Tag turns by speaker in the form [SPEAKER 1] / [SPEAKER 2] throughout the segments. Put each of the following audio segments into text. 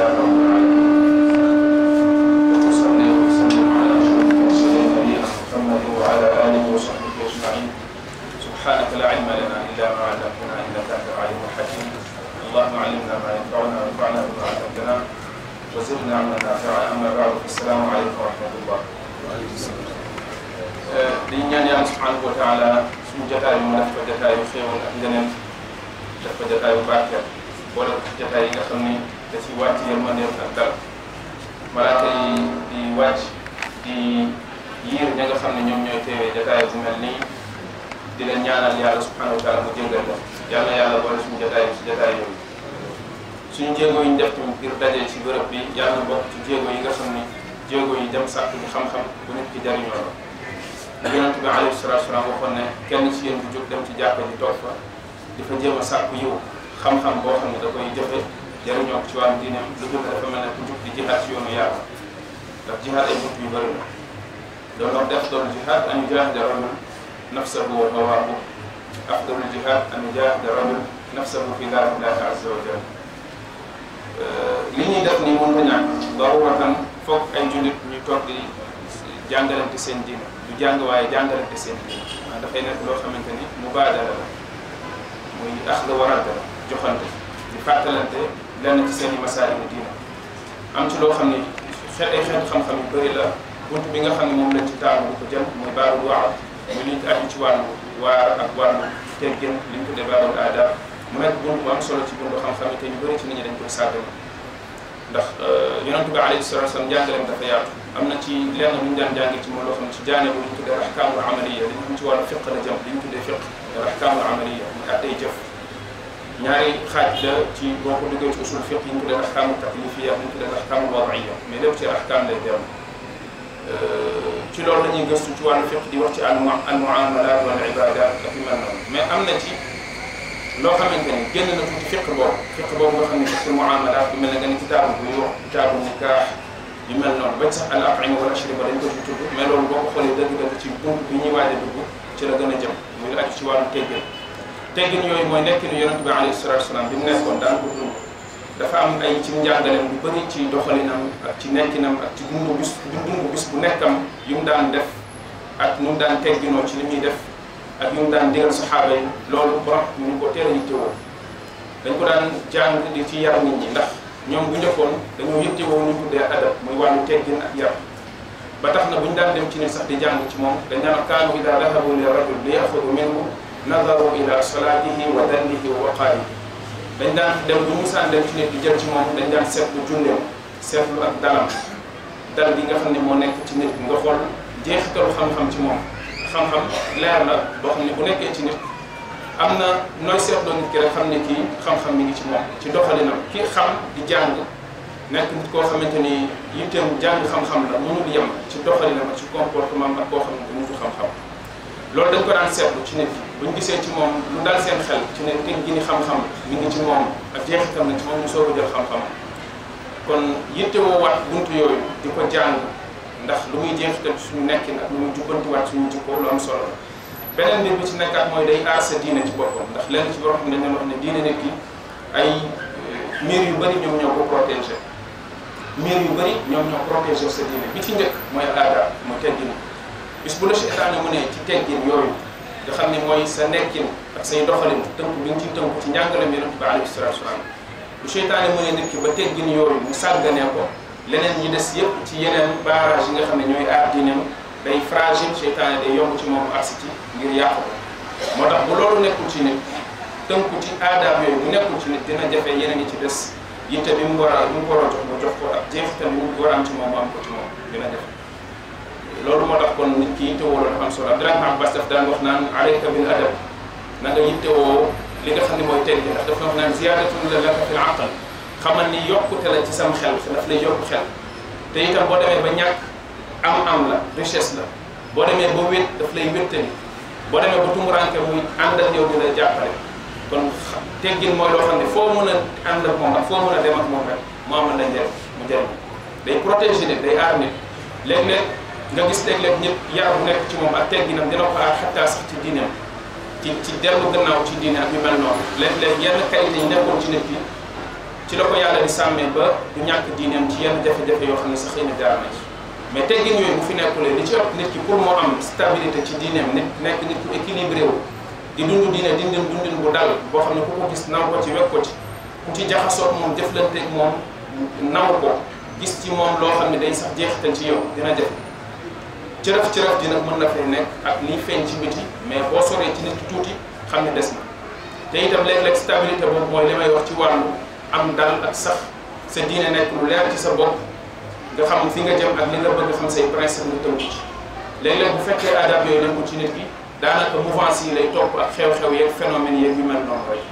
[SPEAKER 1] Yeah. jéego yi dem sàkku bu xam-xam bu nit ki jariñoo la yonent bi alayhi salaatu salaam waxoon ne kenn ci yéen bu jóg dem ci jàkka ji toog fa di fa jéem a sàkku yiw xam-xam boo xam ne da koy jëfe jariñoo ko ci wàllu diineem lu jëm dafa mel ne ku jóg di jihaat ci yoonu yàlla ndax jihaat ay bunt yu bëri la loolu wax def doon jihaat an yujaahida rajul nafsahu wa hawaahu afdalu jihaat an yujaahida rajul nafsahu fi daarillahi azza wa jalla li ñuy def nii mën nga ñàkk daruratan foog ay jullit ñu toog di jàngalante seen diina du jàng waaye jàngalante seen diina waaw dafay nekk loo xamante ni mubaadala la muy ax la warante la joxante di fàttalante lenn ci seen i masaayil diina am ci loo xam ne xeet ay xeet xam-xam yu bëri la bunt bi nga xam ne moom lañ ci taamu di ko jël muy baaru waaw muy li aju ci wàllu waar ak wàllu teggin li ñu tuddee baarul aada mu nekk bunt bu am solo ci buntu xam-xam yi te ñu bëri ci nit ñi dañ koy sàggane ndax euh, yonent bi alayhi salaatu salaam jàngaleem dafa yaatu am na ci lenn lu ñu daan jàngee ci moom loo xam ne ci jaane bu ñu tuddee ahkaamul amaliya li ñu xam ci wàllu fiq la jëm li ñu tuddee fiq ahkaamul amaliya muy attey jëf ñaari xaaj la ci boo ko duggee ci usul fiq yi ñu tuddee ahkaamul taklifiya li ñu tuddee ahkaamul wadaiya mais lépp ci ahkaam lay dem euh, ci loolu la ñuy gëstu ci wàllu fiq di wax ci al muamalat wal ibadat ak yu mel noonu mais am na ci loo xamante ni génn na ko ci fiq boobu fiq boobu nga xam ne fiq muamalat bi mel ne nga ni kitaabu bi wax kitaabu nikaax yu mel noonu bañ ko ci tudd boo xoolee dëgg ci bunt bi ñuy waaj a dugg ci la gën a jëm muy aju ci wàllu teggin teggin yooyu mooy nekk ni yonent bi alayhi salatu bi mu nekkoon daan ko dafa am ay ci njàngaleem lu bëri ci doxalinam ak ci nekkinam ak ci dundu bis dundu bis bu nekkam yu mu daan def ak nu daan tegginoo ci li muy def ak ñu mu daan digal saxaaba yi loolu borom ñu ngi ko teel a yittewoo dañ ko daan jàng di ci yar nit ñi ndax ñoom bu njëkkoon dañoo yittewoo ñu tuddee adab muy wàllu teggin ak yar ba tax na bu ñu daan dem ci ne sax di jàng ci moom dañ daan kaanu ida dahabu li rajul li yaxudu minhu nadaru ila salatihi wa dallihi wa dañ daan dem bu ñu saan dem ci nit di jël dañ daan seetlu junneem seetlu ak dalam dal bi nga xam ne moo nekk ci nit bi nga xool jeexitalu xam-xam ci moom xam-xam leer la boo xam ne bu nekkee ci nit am na nooy seetloo nit ki rek xam ne kii xam-xam mi ngi ci moom ci doxalinam kii xam di jàng nekk nit koo xamante ni yitteem jàng xam-xam la mënul yem ci doxalinam ci comportement ak koo xam ne mënul xam-xam loolu dañ ko daan seetlu ci nit ñu gisee ci moom lu dal seen xel ci ne teg gi ni xam-xam mi ngi ci moom ak jeexitam na ci moom mu soog a jël xam-xam kon yittewoo waat buntu yooyu di ko jàng ndax lu muy jeexital suñu nekkin ak lu muy jubbantiwaat suñu jikkoo lu am solo beneen mbir bi ci nekkaat mooy day aar sa diine ci boppam ndax lenn ci borom leen wax ne diine nit ki ay eh, miir yu bëri ñoom ñoo ko protégé yu bëri ñoo protégé sa diine bi ci njëkk mooy aada mooy teggin bis bu la seytaane mu ne ci teggin yooyu nga xam ne mooy sa nekkin ak say doxalin tënk bi nga ciy tënk ci njàngalam yonent bi alayhi salaatu wa salaam bu seytaane mu ne nit ki ba teggin yooyu mu sàgganee ko leneen ñi des yëpp ci yeneen barrage yi nga xam ne ñooy aar diineem day fragile seytaane day yomb ci moom agsi ci ngir yàqu ko moo tax bu loolu nekkul ci nit tënku ci aadaab yooyu bu nekkul ci nit dina jafe yeneen yi ci des yitte bi mu war bi mu war a jox mu jox ko ak jeexital bi mu war a am ci am ko ci moom dina loolu moo tax kon nit ki yittewoo la dafa am solo Abdoulaye Abbas daf daan wax naan alayka bil adab na nga yittewoo li nga xam ne mooy teggi ndax dafa wax naan ziyadatun la xamal ni yokkute la ci sam xel daf lay yokk xel te itam boo demee ba ñàkk am-am la richesse la boo demee ba wét daf lay wéttali boo demee ba tumuranke muy ànd ak yow di jàppale kon teggin mooy loo xam ne foo mën a ànd ak moom a dem ak moom rek mu amal la njëriñ mu jëriñ day protéger nit day aar nit léeg-léeg ñëpp yar bu nekk ci moom ak tegginam dina ko aar xattaa sax ci diineem ci ci dellu gannaaw ci diine ak yu mel noonu léeg-léeg yenn qualité yi nekkoon ci nit ci la ko yàlla di sàmmee ba du ñàkk diineem ci yenn jafe-jafe yoo xam ne sax xëy na jaar ci mais teggin yooyu bu fi nekkulee li ci ëpp nit ki pour moo am stabilité ci diineem nit nekk nit ku équilibré wu di dund diine dindin dundin bu dal boo xam ne ku ko gis naw ko ci wekk ko ci ku ci jaxasoo moom jëflanteeg moom naw ko gis ci moom loo xam ne day sax jeexital ci yow dina jafe cërëf cërëf dina mën na fay nekk ak liy feeñ ci biti mais boo soree ci tuuti xam des na te itam léeg-léeg stabilité boobu mooy li ci wàllu am dal ak sax sa diine nekk lu leer ci sa bopp nga xam fi nga jëm ak li nga bëgg xam say principe nga tënku ci léeg-léeg bu fekkee adab yooyu nekkul ci nit ki daanaka mouvance yi lay topp ak xew-xew yeeg phénomène yeeg yu mel noonu rek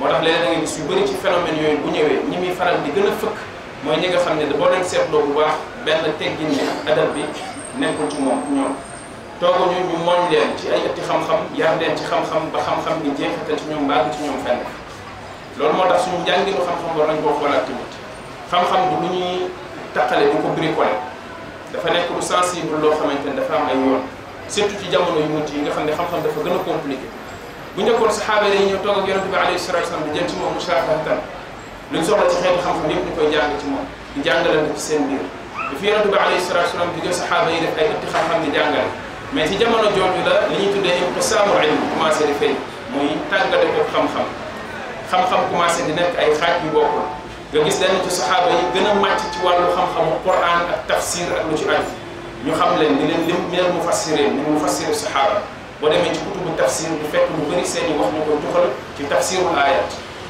[SPEAKER 1] moo tax léeg-léeg da gis yu bëri ci phénomène yooyu bu ñëwee ñi muy faral di gën a fëkk mooy ñi nga xam ne boo leen seetloo bu baax benn teggin bi ak adab bi nekkul ci moom ñoom tooguñu ñu mooñ leen ci ay xam-xam yar leen ci xam-xam ba xam-xam ni jeexital ci ñoom mbaa ci ñoom fenn loolu moo tax suñu njànginu xam-xam war nañ koo xoolaat tamit xam-xam bi lu ñuy taqale bu ko bricolé dafa nekk lu sensible loo xamante ne dafa am ay yoon surtout jamono yu mujj yi nga xam ne xam dafa gën a compliqué bu njëkkoon saxaaba yi ñëw toog ak yonente bi alayhi salatu wasalam di jël ci moom musaafaatan luñ soxla ci xeetu xam-xam yëpp ñu koy jàng di jàngalante ci seen biir bi alayhi salatu wasalam di jël saxaaba yi def ay ëtti xam di jàngale mais ci jamono jooju la li ñuy tuddee inqisaamu ilm commencé di fay muy tàggale ko xam-xam xam-xam commencé di nekk ay xaaj yu bokkul nga gis leen ci saxaaba yi gën a màcc ci wàllu xam-xamu Qur'an ak tafsir ak lu ci aju ñu xam leen di leen lim minal mufassirin min mufassiru saxaaba boo demee ci kutubu tafsir bu fekk lu wax ñu ko tuxal ci tafsirul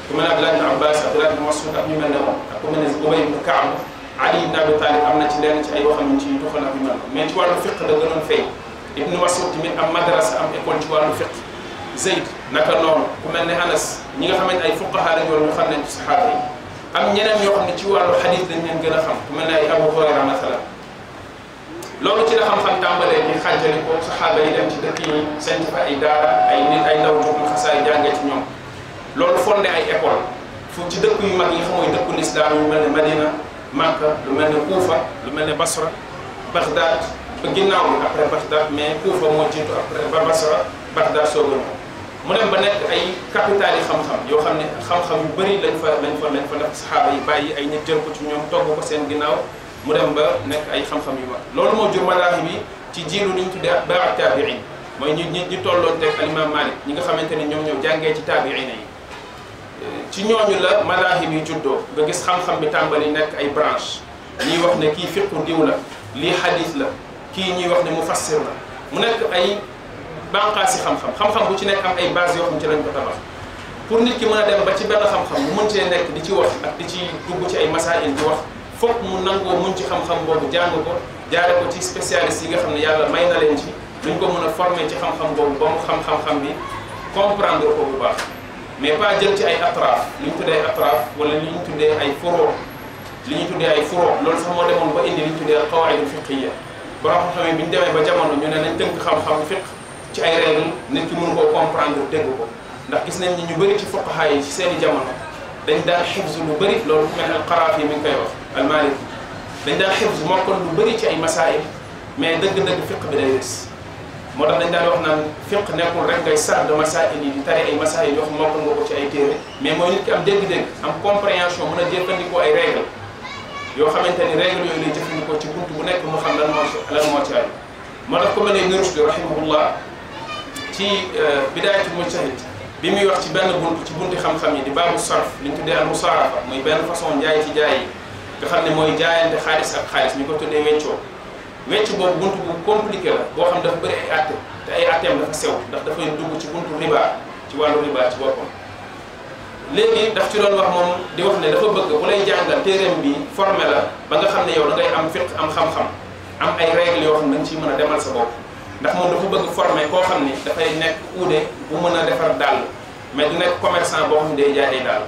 [SPEAKER 1] ku mel ne Abdullah ibn Abbas Abdullah ibn Mas'ud ak ñu mel ne moom ak ku mel ne Ubay ibn Kaab Ali ibn Abi Talib am na ci lenn ci ay waxam ñu ci tuxal ak ñu mel mais ci wàllu fiq da gënoon fay Ibn Mas'ud tamit am madrasa am école ci wàllu fiq Zayd naka noonu ku mel ne Anas ñi nga xamante ay fuqaha lañu woon ñu xam nañ ci saxaaba yi am ñeneen ñoo xam ne ci wàllu xadis dañ leen gën a xam ku mel ne ay Abu Hurayra masalan loolu ci la xam-xam tàmbalee ñu xàjjale ko saxaaba yi dem ci dëkk yi sanc fa ay daara ay nit ay ndaw ñoom xasaay jàngee ci ñoom loolu fondé ay école fu ci dëkk yu mag yi nga xam mooy dëkku lislaam yu mel ne Madina Makka lu mel ne Kuufa lu mel ne Basra Bagdad ba ginnaaw bi après Bagdad mais Kuufa moo jiitu après ba Basra Bagdad soogu na mu dem ba nekk ay capital yi xam-xam yoo xam ne xam-xam yu bëri lañu fa lañ fa lañ fa def saxaaba yi bàyyi ay nit jël ko ci ñoom togg ko seen ginnaaw mu dem ba nekk ay xam-xam yu mag loolu moo jur madahib bi ci jiilu niñ tuddee ak baa taabiin mooy ñu ñi tolloo tolloon teg alimam Malik ñi nga xamante ne ñoom ñoo jàngee ci taabiina yi ci ñooñu la madahib yi juddoo nga gis xam-xam bi tàmbali nekk ay branche ñuy wax ne kii fiqu diw la lii xadiis la kii ñuy wax ne mufassir la mu nekk ay bànqaasi xam-xam xam-xam bu ci nekk am ay base yoo xam ci lañ ko tabax pour nit ki mën a dem ba ci benn xam-xam mu mën cee nekk di ci wax ak di ci dugg ci ay masail di wax mu nangoo mën ci xam-xam boobu jàng ko jaare ko ci spécialiste yi nga xam ne yàlla may na leen ko mën a former ci xam-xam boobu ba mu xam-xam-xam bi comprendre ko bu baax mais baa jël ci ay atraf li ñu wala li ñu tuddee ay furo li ñu tuddee ay furo lool sax moo demoon ba indi li ñu tuddee qawaidul fiqhiya borom xam-xam ba jamono ñu ne nañ tënk xam-xam fiqh ci ay règle nit ki mënu koo comprendre dégg ko ndax gis nañ ni ñu bëri ci fuqaha yi ci seen i jamono dañ daan xifz lu bëri loolu ku mel ne alxaraaf yi mi ngi koy wax almaliki dañ daan xifz mokkoon lu bëri ci ay masaayil mais dëgg-dëgg fiq bi day des moo tax dañ daan wax naan fiq nekkul rek ngay sar de masaayil yi di tare ay masaayil yoo xam mokkoon ko ci ay téere mais mooy nit ki am dégg-dégg am compréhension mën a jëfandikoo ay règle yoo xamante ni règle yooyu lay jëfandikoo ci bunt bu nekk mu xam lan moo lan moo ci ay moo tax ku mel ne ci euh, bidaayatu mujtahid bi muy wax ci benn bunt ci bunti xam-xam yi di baabu sarf li ñu tuddee al musaarafa muy benn façon njaay ci jaay yi nga xam ne mooy jaayante xaalis ak xaalis ñu ko tuddee weccoo wecc boobu bunt bu compliqué la boo xam ne dafa bëri ay atte te ay atteem dafa sew ndax dafay dugg ci buntu riba ci wàllu riba ci boppam léegi daf ci doon wax moom di wax ne dafa bëgg bu lay jàngal téeréem bi formé la ba nga xam ne yow da ngay am fiq am ay règles yoo xam ciy mën a demal sa ndax moom dafa bëgg former koo xam ne dafay nekk uude bu mën a defar dàll mais du nekk commerçant boo xam ne day jaay ay dàll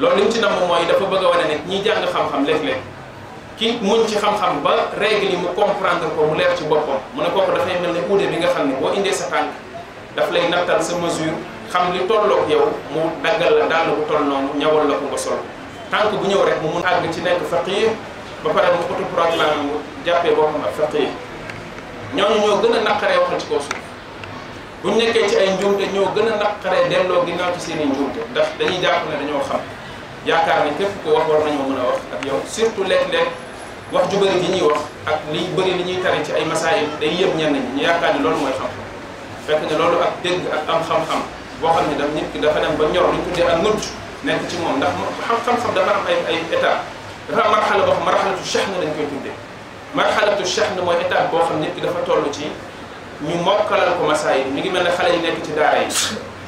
[SPEAKER 1] loolu li mu ci namm mooy bëgg a wane ne ñi jàng xam-xam léeg-léeg ki muñ ci xam-xam ba règle yi mu comprender ko mu leer ci boppam mu ne kooku dafay mel ne uude bi nga xam ne boo indee sa tànk daf lay nattal sa mesure xam li tolloog yow mu daggal la dàll bu toll noonu ñawal la ko nga sol tànk bu ñëw rek mu mun àgg ci nekk faqir ba pare mu autoproclame mu jàppee boppam ak faqir ñooñu ñoo gën a naqaree waxal ci kaw suuf bu ñu nekkee ci ay njuumte ñoo gën a naqaree delloo ginnaaw ci seen i njuumte ndax dañuy jàpp ne dañoo xam yaakaar ne képp ko wax war nañoo mën a wax ak yow surtout léeg-léeg wax ju bëri gi ñuy wax ak li bëri li ñuy tare ci ay masaayil day yëpp ñenn ñi ñu yaakaar ni loolu mooy xam-xam fekk ne loolu ak dégg ak am xam-xam boo xam ne daf nit ki dafa dem ba ñor lu ñu tuddee ak nut nekk ci moom ndax xam-xam dafa am ay ay état dafa am marxala boo xam marxalatu cheikh na lañ koy tuddee marxalatu shahn mooy étape boo xam nit ki dafa tollu ci ñu mokkalal ko masaa yi mi ngi mel ne xale yi nekk ci daara yi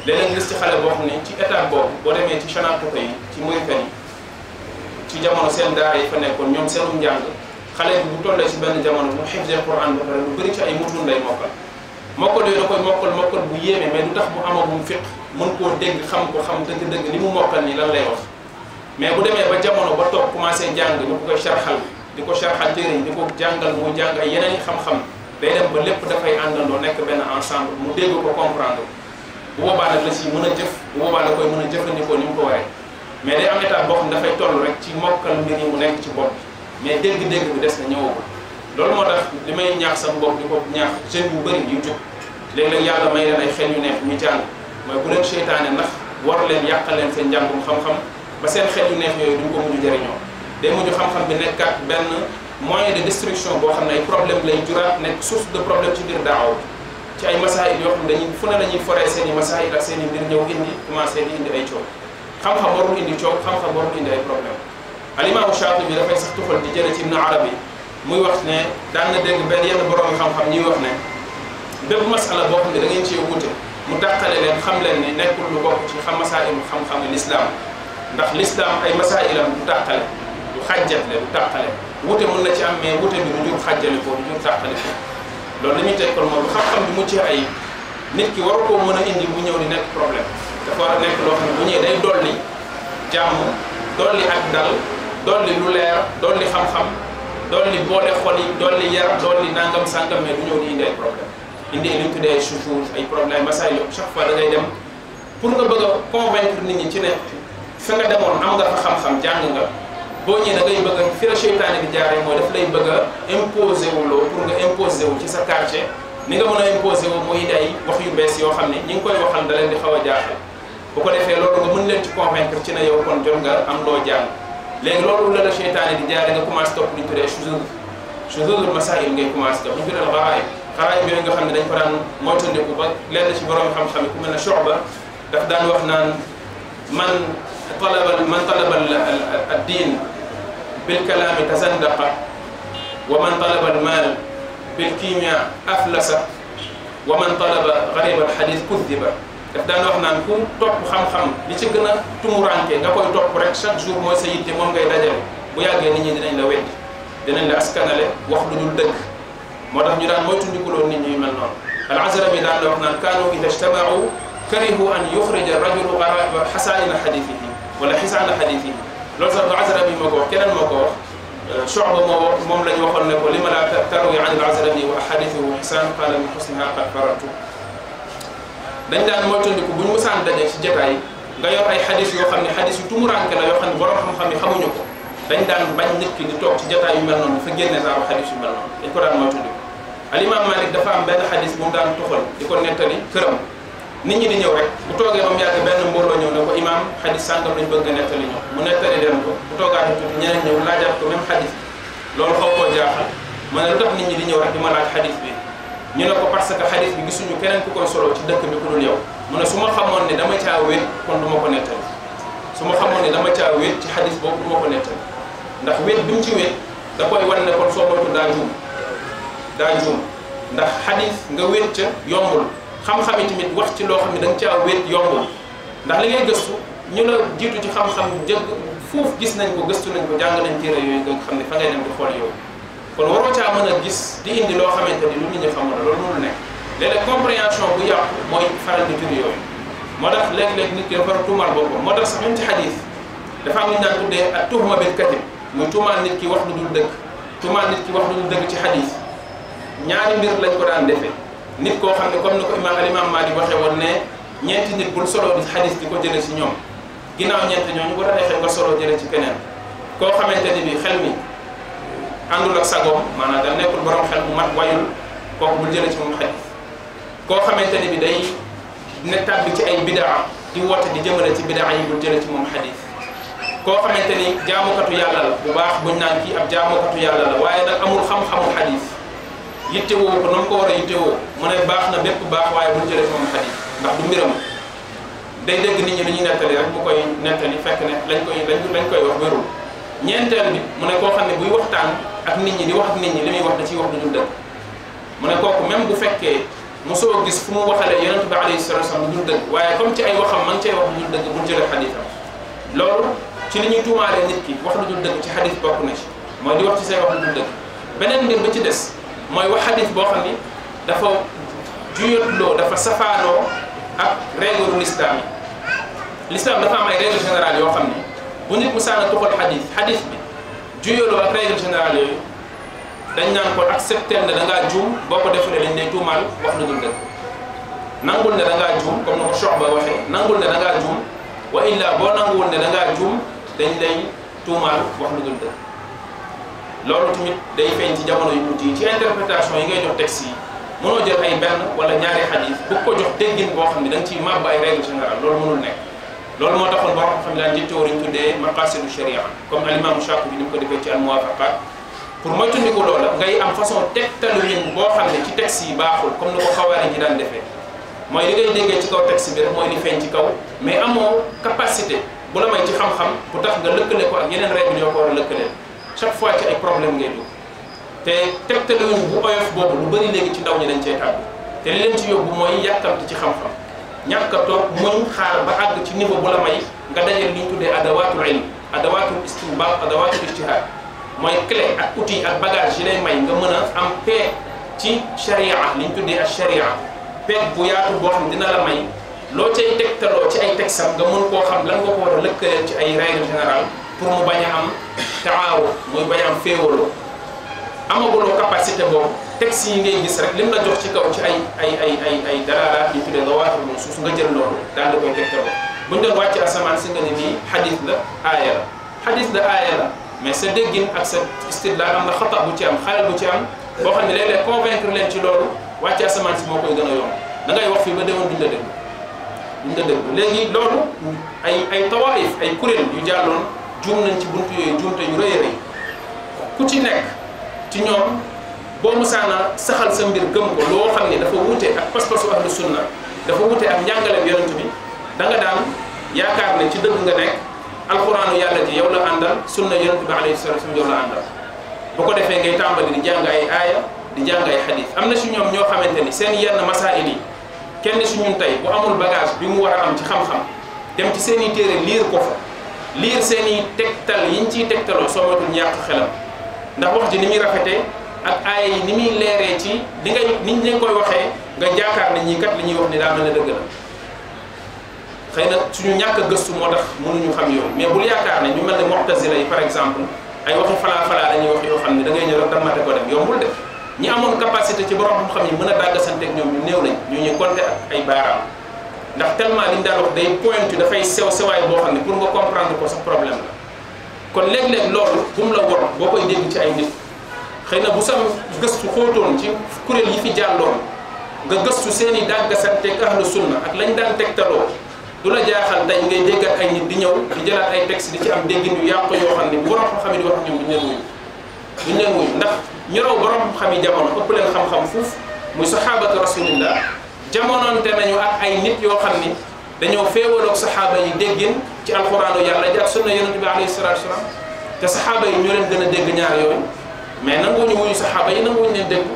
[SPEAKER 1] leneen léeg gis ci xale boo xam ne ci étape boo boo demee ci Chanakota yi ci Mauritanie yi ci jamono seen daara yi fa nekkoon ñoom seenum njàng xale bi bu tollee si benn jamono bu xifdee Quran ba pare lu bëri ci ay mutun lay mokkal mokkal yooyu da koy mokkal mokkal bu yéeme mais du tax bu amagum fiq mën koo dégg xam ko xam dëgg-dëgg li mu mokkal nii lan lay wax mais bu demee ba jamono ba toog commencé jàng ñu ko koy sharxal di ko sharxal téere yi di ko jàngal muy jàng ay yeneen i xam-xam day dem ba lépp dafay àndandoo nekk benn ensemble mu dégg ko comprendre bu boobaa nag la si mën a jëf bu boobaa la koy mën a jëfandikoo ni mu ko waree mais day am étape boo xam dafay rek ci mokkal mbir mu nekk ci bopp mais dégg-dégg bi des na ñëwagul loolu moo tax li may ñaax sama bopp di ko ñaax jeunes bu bëri yu jóg léeg-léeg yàlla may leen ay xel yu neex ñu jàng mooy bu leen seytaane ndax war leen yàqal leen seen njàngum xam-xam ba seen xel yu neex yooyu duñ ko mujj jëriñoo day mujj xam-xam bi nekkaat benn moyen de destruction boo xam ne ay problème lay juraat nekk source de problème ci biir daaw ci ay masaayil yoo xam ne dañuy ñuy foree seen i masaayil ak seen i commencé di indi xam-xam warul indi xam-xam warul indi ay problème alimaamu Shaatibi dafay sax tuxal di jële ci Ibnu Arabi muy wax ne daan na dégg benn yenn borom xam-xam ñuy wax ne bépp masala boo xam ne da ngeen cee wute mu leen xam leen ni nekkul lu bokk ci xam masaayilu xam-xamu lislaam ndax lislaam ay masaayilam du dàqale xàjjatle du tàqale wute mën na ci am mais wute bi du jur xàjjale ko du jur tàqale ko loolu li muy teg kon moom xam-xam bi mucc nit ki war koo mën a indi mu ñëw di nekk problème dafa war a nekk loo xam ne bu ñëwee day dolli jàmm dolli ak dal dolli lu leer dolli xam-xam dolli boole xol yi dolli yar dolli nangam sàngam mais du ñëw di indi ay problème indi li ñu tuddee chouchouf ay problème masaay chaque fois da dem pour nga bëgg a convaincre nit ñi ci ne fi nga demoon am nga fa xam-xam jàng nga boo ñëwee da ngay bëgg a fi la seytaane bi jaaree mooy daf lay bëgg a imposé wu loo pour wu ci sa quartier ni nga mën a imposé wu muy day wax yu bees yoo xam ne ñi ngi koy waxal da leen di xaw a jaaxal bu ko defee loolu nga mën leen ci convaincre ci na yow kon jot nga am loo jàng léegi loolu la la seytaane di jaaree nga commencé topp li ñu tuddee chuzul chuzul masail ngay commencé topp li ñu tuddee xaraayib xaraayib yooyu nga xam ne dañ ko daan ku mel ne Shuba daf daan wax naan man talabal man talabal ad diin بالكلام تصدق ومن طلب المال بالكيمياء أفلس ومن طلب غريب الحديث كذب daf daan wax naan ku topp xam-xam li ci gën a tumuranke nga koy topp rek chaque jour mooy sa yitte moom ngay dajale bu yàggee nit ñi dinañ la weddi dinañ la askanale wax lu dul dëgg moo tax ñu daan moytundikuloo nit ñuy mel noonu al-Azrami daan la wax naan kaanu ida ijtamaau karihu an yuxrija rajulu xasaa'ina xadiisihi wala xisaana xadiisihi loolu sax du asara bi moo ko wax keneen moo ko moom la ñu waxoon ne ko li ma laa tarwi an al-asara bi wa ahadithu wa ihsan qala min husniha qad faratu dañ bu ñu musaan daje ci jotaay nga yor ay xadis yoo xam ne xadis yu la yoo xam ne borom xam-xam yi dañ daan bañ nit ki di toog ci jotaay yu mel noonu dafa génne saaru xadis yu dañ ko daan moytandiku al imam Malik dafa am benn xadis bu mu daan toxal di ko nettali nit ñi di ñëw rek bu toogee ba mu yàgg benn mbooloo ñëw ne ko imam xadis sàngam lañ bëgg a nettali ñoom mu nettali dem ko bu toogaat ñu tuuti ñeneen ñëw laajaat ko même xadis loolu xaw koo jaaxal ma lu tax nit ñi di ñëw rek di ma laaj xadis bi ñu ne ko parce que xadis bi gisuñu keneen ku koy solo ci dëkk bi ku dul yow mu ne su ma xamoon ne dama caa wéet kon du ma ko nettali su ma xamoon ne dama caa wéet ci xadis boobu du ma ko nettali ndax wéet bi mu ci daa juum daa ndax xadis nga wéet ca yombul xam-xam yi tamit wax ci loo xam ne da nga caa wéet yombul ndax li ngay gëstu ñu la jiitu ci xam-xam jëg foofu gis nañ ko gëstu nañ ko jàng nañ téere yooyu nga xam ne fa ngay xool yow kon waroo caa mën gis di indi loo xamante ni lu nit ñi xamul loolu mënul nekk léeg-léeg compréhension bu yàqu mooy faral di tudd yooyu moo tax léeg-léeg nit ki dafa tuumaal boppam moo tax sax même ci xadis dafa am lu ñu naan tuddee ak tuhma bil kadib muy tuumaal nit ki wax lu dul dëgg tuumaal nit ki wax lu dul dëgg ci xadis ñaari mbir lañ ko daan defee nit koo xam ne comme ni ko imaam alimaam Maalik waxee woon ne ñeenti nit bul solo di xadis di ko jëlee si ñoom ginnaaw ñeenti ñooñu bu la neexee nga solo jëlee ci keneen koo xamante ni bi xel mi àndul ak sagoom maanaam da nekkul borom xel mu mat wayul kooku bul jëlee ci moom xadis koo xamante ni bi day ne ci ay bidaa woote di jëmale ci bidaa yi bul jëlee ci moom xadis koo xamante ni jaamukatu yàlla la bu baax buñ naan kii ab jaamukatu yàlla la waaye nag amul xam-xamul xadis yitte woo ko noonu ko war a yitte woo mu ne baax na bépp baax waaye bu jëlee moom xadi ndax du mbiram day dëgg nit ñi li ñuy nettali rek mu koy nettali fekk ne lañ koy lañ koy wax wérul ñeenteel bi mu ne koo xam ne buy waxtaan ak nit ñi di wax ak nit ñi li muy wax da ciy wax du dul dëgg mu ne kooku même bu fekkee mu mosoo gis fu mu waxalee yonent bi alayhi salaatu salaam du dul dëgg waaye comme ci ay waxam ma ngi cay wax du dul dëgg bu jëlee xaditam loolu ci li ñuy tuumaalee nit ki wax du dul dëgg ci xadis bokk na ci mooy di wax ci say wax du dul dëgg beneen mbir bi ci des mooy wax xadis boo xam ni dafa juyotloo dafa safaanoo ak règle l'islam yi l'islam dafa am ay règle générale yoo xam ni bu nit mu saana tuxal xadis xadis bi juyoloo ak règle générale yooyu dañ naan ko accepter ne da ngaa juum boo ko defee dañ lay tuumaal wax lu dul dëgg nangul ne da ngaa juum comme na ko Soxba waxee nangul ne da ngaa juum wa illa boo nanguwul ne da ngaa juum dañ lay tuumaal wax lu dul dëgg loolu tamit day feeñ ci jamono yu tuuti ci interprétation yi ngay jox texte yi mënoo jël ay benn wala ñaari xadis bu ko jox déggin boo xam ne dañ nga ciy màbb ay règle générale loolu mënul nekk loolu moo taxoon borom xam ne daan jittewoo ñu tuddee maqasidu sharia comme alimaamu Shaafi'i ni mu ko defee ci almuwafaqat pour moytandiku loola ngay am façon tegtalu yin boo xam ne ci texte yi baaxul comme ni ko xawaari ji daan defee mooy li ngay déggee ci kaw texte bi rek mooy li feeñ ci kaw mais amoo capacité bu la may ci xam-xam bu tax nga lëkkale ko ak yeneen règle yoo ko war a chaque fois ci ay problème ngay dugg te tegtaliwu bu oyof boobu lu bëri léegi ci ndaw ñi dañ cee tàggu te li leen ci yóbbu mooy yàkkamti ci xam-xam ñàkk a toog muñ xaar ba àgg ci niveau bu la may nga dajeel li ñu tuddee adawaatul ilm adawaatul istinbaat adawaatul ijtihaad mooy clé ak outil ak bagage yi lay may nga mën a am paix ci sharia li ñu tuddee ak sharia paix bu yaatu boo xam dina la may loo cay tegtaloo ci ay tegsam nga mën koo xam lan nga ko war ci ay règle générale pour mu bañ a am taawu muy bañ a am féewaloo amaguloo capacité boobu texte yi ngay gis rek lim la jox ci kaw ci ay ay ay ay ay dalaalaat yu tuddee nga waatul moom suuf nga jël loolu daal di koy tegtaloo buñ doon wàcc asamaan si nga ne nii la aaya la xadis la mais sa déggin ak sa istidlaal am na xata bu ci am xalal bu ci am boo xam ne léeg leen ci loolu wàcc asamaan si moo koy gën a yomb da ngay wax fii ba déwoon léegi loolu ay ay ay kuréel yu jàlloon juum nañ ci bunt yooyu juumte yu rëy rëy ku ci nekk ci ñoom boo musaana saxal sa mbir gëm ko loo xam ni dafa wuute ak pas-pasu ahlu sunna dafa wute ak njàngaleem yonent bi da nga daan yaakaar ne ci dëgg nga nekk alxuraanu yàlla di yow la àndal sunna yonent bi alayhi salaatu wasallam yow la àndal boo ko defee ngay tàmbali di jàng ay aaya di jàng ay xadis am na si ñoom ñoo xamante ni seen yenn masaayil yi kenn su ñun tey bu amul bagage bi mu war a am ci xam dem seen i téere liir ko liir seen i tegtal yi ñu ciy tegtaloo soo moytuwul yàq xelam ndax wax ji ni muy rafetee ak aay yi ni muy leeree ci li ngay niñ leen koy waxee nga jaakaar na ñii kat li ñuy wax ni daa mel ne dëgg la xëy na suñu ñàkk a gëstu moo tax mënuñu xam yow mais bul yaakaar ne ñu mel ne mu'tazila yi par exemple ay waxu falaa falaa la ñuy wax yoo xam ne da ngay ñëw rek dammate ko dem yombul def ñi amoon capacité ci borom xam-xam yi mën a dàggasanteeg ñoom ñu néew lañ ñu ñuy compter ak ay ndax tellement li ñu daan wax day pointu dafay sew sewaay boo xam ne pour nga comprendre ko sax problème la kon léeg-léeg loolu bu mu la wor boo koy dégg ci ay nit xëy na bu sam gëstu xóotoon ci kuréel yi fi jàlloon nga gëstu seen i dàggasanteeg ahlu sunna ak lañ daan tegtaloo du la jaaxal tey ngay déggat ay nit di ñëw di jëlaat ay texte di ci am déggin yu yàq yoo xam ne bu borom xam-xam yi di wax ñoom duñ leen wuyu duñ leen wuyu ndax ñoraw borom xam yi jamono ëpp leen xam-xam fuuf muy sahabatu rasulillah jamonoonte nañu ak ay nit yoo xam ni dañoo féewaloog saxaaba yi déggin ci alxuraanu yàlla ji ak sunna yonent bi alayhi salaatu wasalaam te saxaaba yi ñoo leen gën a dégg ñaar yooyu mais nanguwuñu wuyu saxaaba yi nanguwuñu leen dégg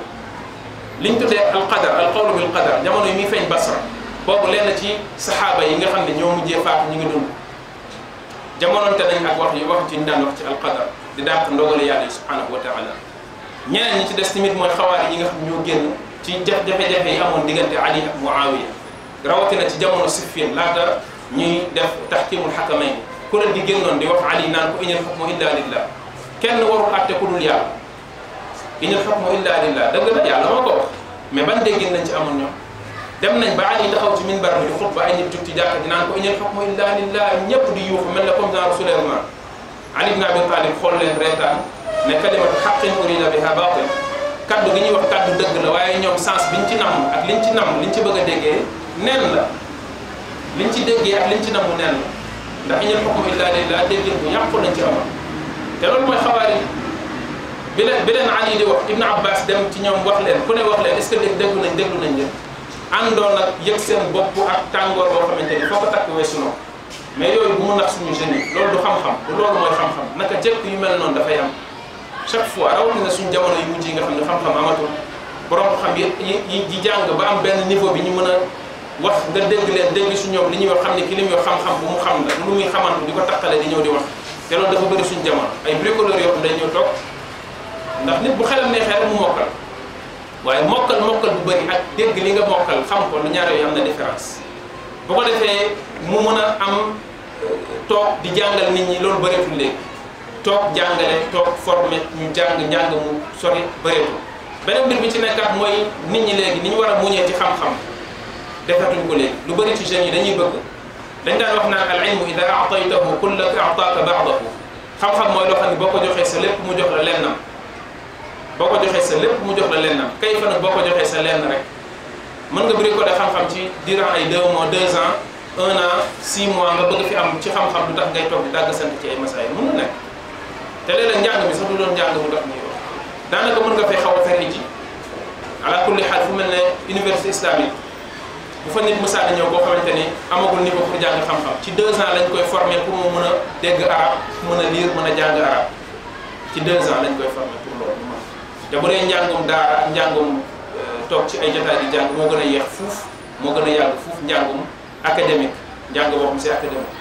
[SPEAKER 1] liñ tuddee alqadar alqawlu bil qadar jamono yi muy feeñ basra boobu lenn ci saxaaba yi nga xam ne ñoo mujjee faatu ñu ngi dund jamonoonte nañ ak wax yi wax ci ñu daan wax ci alqadar di dàq ndogale yàlla yi subhanahu ñu ci des tamit mooy xawaar yi nga ñoo génn ci jafe-jafe yi amoon diggante Ali ak Muawiya rawatina ci jamono Siffin laata ñuy def taxkiimul xakamay ku leen di génnoon di wax Ali naan ko inal xukmu illa lillah kenn warul àtte ku dul yàlla inal xukmu illa lillah dëgg la yàlla moo ko wax mais ban déggin lañ dem nañ ba Ali taxaw ci minbar bi di xutba ay nit jug ci a di naan ko inal xukmu illa lillah ñëpp di yuuxu mel na comme genre Souleymane Ali ibn Abi Talib xool leen reetaan ne kalimatu xaqin urida biha baatil kaddu gi ñuy wax kaddu dëgg la waaye ñoom sens biñ ci namm ak liñ ci namm liñ ci bëgg a déggee neen la liñ ci déggee ak liñ ci namm neen la ndax ñun xukmu illaa lillaa déggin bu yàqu lañ ci amal te loolu mooy xabaar yi bi leen bi leen Ali di wax Ibn Abbas dem ci ñoom wax leen ku ne wax leen est-ce que dégg déggu nañ déggu nañ leen àndoon nag yëg seen bopp ak tàngoor boo xamante foo ko takk weesu noonu mais yooyu bu mu nax suñu jeunes loolu du xam-xam loolu mooy xam-xam naka jëkk yu mel noonu dafay am chaque fois rawatina suñ jamono yu mujj yi nga xam ne xam-xam amatul borom xam yi yi di jàng ba am benn niveau bi ñu mën a wax nga dégg leen dégg su ñoom li ñuy wax xam ne ki li muy wax xam-xam bu mu xam la lu muy xamantu di ko taqale ñëw di wax bëri suñ jamono ay bricoleurs yoo xam day ñëw toog ndax nit bu xelam neexee rek mu mokkal waaye mokkal mokkal bu bëri ak dégg li nga mokkal xam ko lu ñaar yooyu am na différence boo ko defee mu mën a am euh, toog di jàngal nit ñi loolu bëreetul léegi toog jàngale toog formé ñu jàng njàng mu sori bëreetul beneen mbir bi ci nekkaat mooy nit ñi léegi ni ñu war a muñee ci xam-xam defatuñ ko léegi lu bëri ci jeunes yi dañuy bëgg dañ daan wax naan al ilmu ida ataytahu kullaka ataaka baadahu xam-xam mooy loo xam ne boo ko joxee sa lépp mu jox la lennam boo ko joxee sa lépp mu jox la lennam kay fa nag boo ko joxee sa lenn rek mën nga bëri ko de xam-xam ci durant ay deux mois deux ans un mois nga bëgg fi am ci xam-xam lu tax ngay toog di dàgg sant ci ay nekk te léeg-léeg njàng mi sax du doon njàng mu tax ñuy mën nga fay xaw a fer nit yi ala kulli xaal fu mel ne université islamique bu fa nit mësaan ñëw boo xamante ni amagul niveau pour jàng xam-xam ci deux ans lañ koy formé pour mu mën a dégg arab mën a lire mën a jàng arab ci deux ans lañ koy formé pour loolu moom te bu dee njàngum daara njàngum euh, toog ci ay jotaay di jàng moo gën a yeex fuuf moo gën a yàgg fuuf njàngum académique njàng boo xam si académique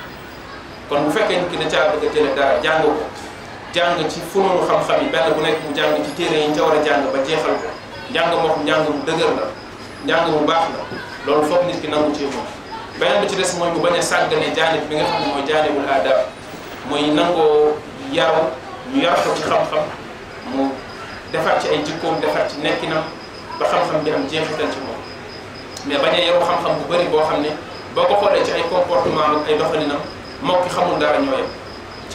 [SPEAKER 1] kon bu fekkee nit ki da caa bëgg a jëlee daara jàng ko jàng ci funoonu xam-xam yi benn bu nekk mu jàng ci téere yi ñu ca war a jàng ba jeexal ko njàng moo xam njàng bu dëgër la njàng bu baax la loolu foog nit ki nangu ci moom beneen bi ci des mooy mu bañ a sàggane jaanib bi nga xam ne mooy jaanibul adab mooy nangoo yaru ñu yar ko ci xam-xam mu defar ci ay jikkoom defar ci nekkinam ba xam-xam bi am jeexital ci moom mais bañ a yaru xam-xam bu bëri boo xam ne boo ko xoolee ci ay comportement ak ay doxalinam mokki xamul dara ñoo yem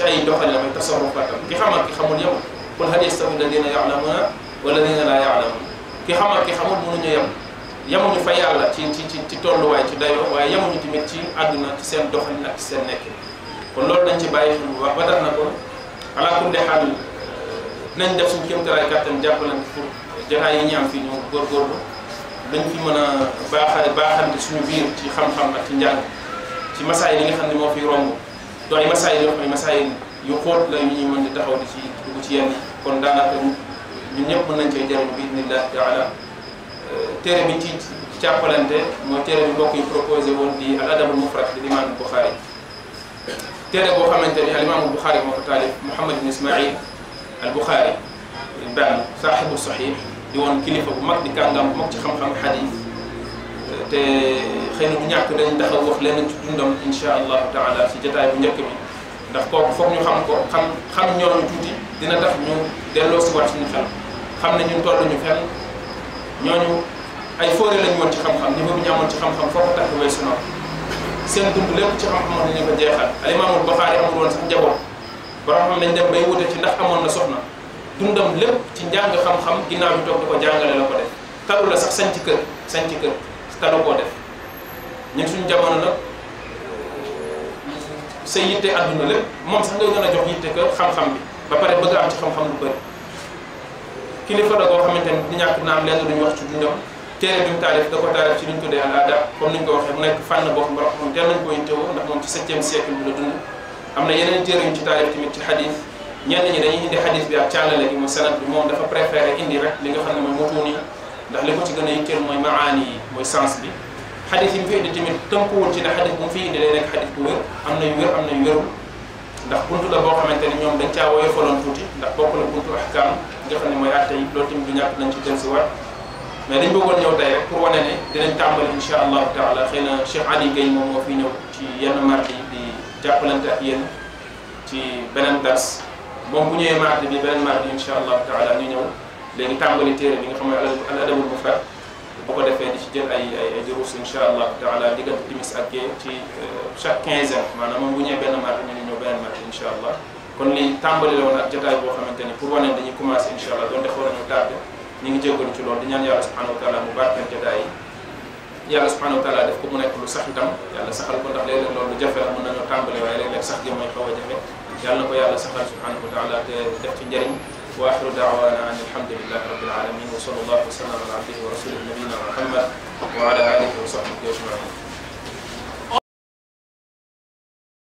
[SPEAKER 1] ci ay doxalinam ak tasarrufatam ki xam ak ki xamul yem qul hal yastawi na ya'lamuna walladina la ya'lamun ki xam ak ki xamul mënuñu yem yemuñu fa yàlla ci ci ci ci tolluwaay ci dayoo waaye yemuñu tamit ci àdduna ci seen doxalin ak ci seen nekk kon loolu dañ ci bàyyi xel bu baax ba tax na ko ala kulli xaal nañ def suñu kéemtalaay kàttan jàppalante pour jotaay yi ñu am fii ñu góorgóorlu dañ fi mën a baaxal baaxante suñu biir ci xam-xam ci njàng ci masaay yi nga xam ne moo fi romb doon ay masaay yoo xam ne masaay yu xóot la ñu mën di taxaw di ci dugg ci yenn yi kon daanaka ñun ñëpp mën nañ cee jëriñu bi idnillahi taala téere bi ci càppalante mooy téere bi mbokk yi proposé woon di al adabul mufrad di limaamul Buxaari téere boo xamante ni al imaamul Buxaari moo ko taalif Muhammad ibn Ismail al Buxaari ban di woon kilifa bu mag di kàngam bu te xëy na bu ñàkk dañ taxaw wax leneen ci dundam insha allahu taala si jataay bu njëkk bi ndax kooku foog ñu xam ko xam xam ñoom tuuti dina tax ñu delloo si waat suñu xel xam ne ñun tolluñu fenn ñooñu ay fóore lañu woon ci xam-xam niveau bi ñu amoon ci xam-xam foo ko tax way suno seen dund lépp ci xam-xam nañ dem bay wute ci ndax amoon na soxna dundam lépp ci njàng xam-xam ginnaaw bi toog di ko jàngale la ko def taru la sax sañ kër sañ kër te koo def ñun suñu jamono nag sa yitte àdduna lépp moom sax nga gën a jox yitte ko xam-xam bi ba pare bëgg am ci xam-xam lu bëri kilifa la koo xamante ni ñàkk na am lenn lu ñu wax ci dundam téere bi mu taalif da ko taalif ci li ko dee al comme ni ñu ko waxee mu nekk fànn boo xam ne moom teel nañ ko yittewoo ndax moom ci septième siècle bi la dund am na yeneen téere yu ci taalif tamit ci xadis ñenn ñi dañuy indi xadis bi ak càllale bi moom dafa indi rek li nga xam ne mooy mutuuni ndax li ko ci gën a yitteel mooy maani yi mooy sens bi xadis yi mu fi indi tamit tënkuwul ci ne xadis bu mu fi indi day nekk xadis am na yu wér am na yu wérul ndax buntu la boo xamante ni ñoom dañ caa woyofaloon tuuti ndax bokk la buntu ahkaam nga xam ne mooy atte yi loolu tamit du ñàkk nañ ci del si waat mais dañ bëggoon ñëw tey rek pour wane ne dinañ tàmbali insha allahu taala xëy na Cheikh Ali Gueye moom moo fi ñëw ci yenn mardi di jàppalante ak yéen ci beneen das moom bu ñëwee mardi bi beneen mardi insha allahu taala ñu ñëw léegi tàmbali téere bi nga xam ne al adabul mufrad bu ko defee di ci ay ay ay duruus incha allah taala diggante timis ak gee ci euh, chaque quinzaine maanaam moom bu ñëwee benn mardi ñu ne ñëw benn mardi incha allah kon lii tàmbali la woon ak jotaay boo xamante ni pour wane dañuy commencé incha allah doon defoon nañu tardé ñu ngi jéggalu ci loolu di ñaan yàlla subhanahu wa taala mu barkeel jotaay yi yàlla def ko mu nekk lu sax itam yàlla saxal ko ndax léeg-léeg loolu jafe la mën a na ko yàlla saxal subhanahu wa taala te def ci njëriñ wa axiru daawaana an alhamdulilahi rabbil alamin wa sallallahu wa sallam ala abdihi wa rasulihi nabiyina muhammad wa ala alihi wa sahbihi ajmain